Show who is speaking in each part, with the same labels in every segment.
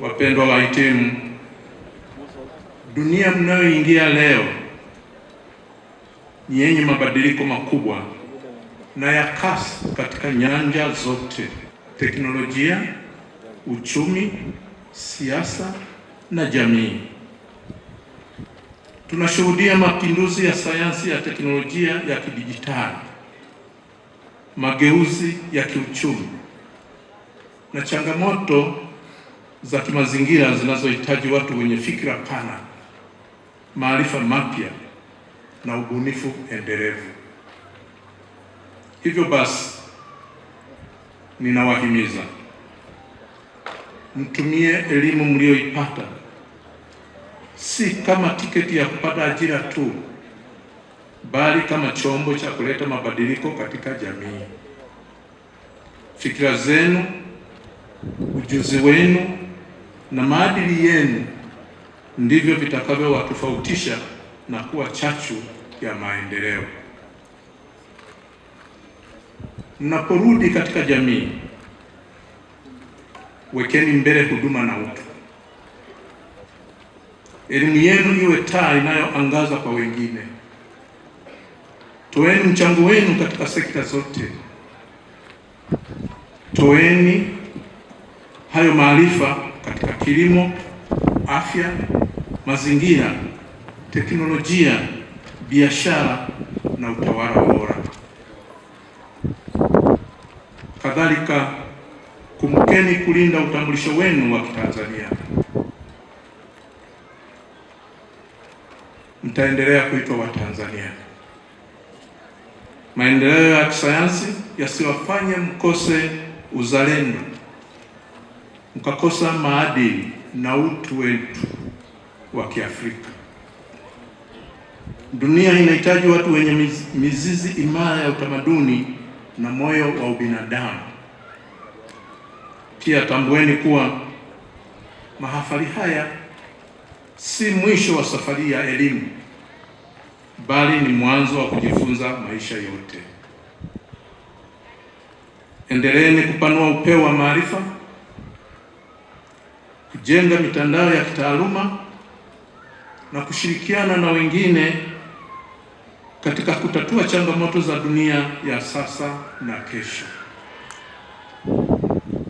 Speaker 1: wapendwa wahitimu, dunia mnayoingia leo ni yenye mabadiliko makubwa na ya kasi katika nyanja zote: teknolojia, uchumi, siasa na jamii. Tunashuhudia mapinduzi ya sayansi ya teknolojia ya kidijitali, mageuzi ya kiuchumi na changamoto za kimazingira zinazohitaji watu wenye fikra pana, maarifa mapya na ubunifu endelevu. Hivyo basi, ninawahimiza mtumie elimu mliyoipata si kama tiketi ya kupata ajira tu, bali kama chombo cha kuleta mabadiliko katika jamii. Fikira zenu, ujuzi wenu na maadili yenu ndivyo vitakavyowatofautisha na kuwa chachu ya maendeleo. Mnaporudi katika jamii, wekeni mbele huduma na utu. Elimu yenu iwe taa inayoangaza kwa wengine. Toeni mchango wenu katika sekta zote. Toeni hayo maarifa katika kilimo, afya, mazingira, teknolojia, biashara na utawala bora. Kadhalika, kumbukeni kulinda utambulisho wenu wa Kitanzania. Mtaendelea kuitwa Watanzania. Maendeleo ya kisayansi yasiwafanye mkose uzalendo mkakosa maadili na utu wetu wa Kiafrika. Dunia inahitaji watu wenye mizizi imara ya utamaduni na moyo wa ubinadamu. Pia tambueni kuwa mahafali haya si mwisho wa safari ya elimu, bali ni mwanzo wa kujifunza maisha yote. Endeleeni kupanua upeo wa maarifa kujenga mitandao ya kitaaluma na kushirikiana na wengine katika kutatua changamoto za dunia ya sasa na kesho.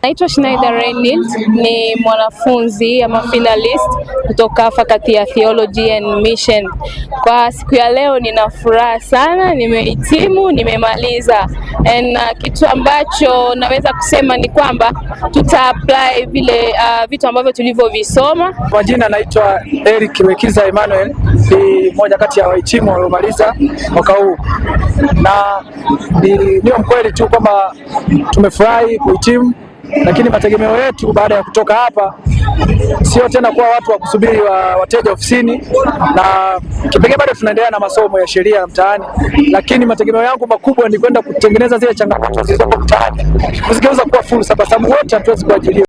Speaker 2: Naitwa Shinaida Reynild, ni mwanafunzi ama finalist kutoka fakati ya Theology and Mission. Kwa siku ya leo nina furaha sana, nimehitimu, nimemaliza. Uh, kitu ambacho naweza kusema ni kwamba tuta apply vile uh, vitu ambavyo tulivyovisoma.
Speaker 3: Kwa jina naitwa Eric Mekiza Emmanuel, ni mmoja kati ya wahitimu waliomaliza mwaka huu, na niyo mkweli tu kwamba tumefurahi kuhitimu lakini mategemeo yetu baada ya kutoka hapa sio tena kuwa watu wa kusubiri wa, wateja ofisini, na kipengee bado tunaendelea na masomo ya sheria ya mtaani, lakini mategemeo yangu makubwa ni kwenda kutengeneza zile changamoto zilizopo mtaani, kuzigeuza kuwa fursa, kwa sababu wote hatuwezi kuajiriwa.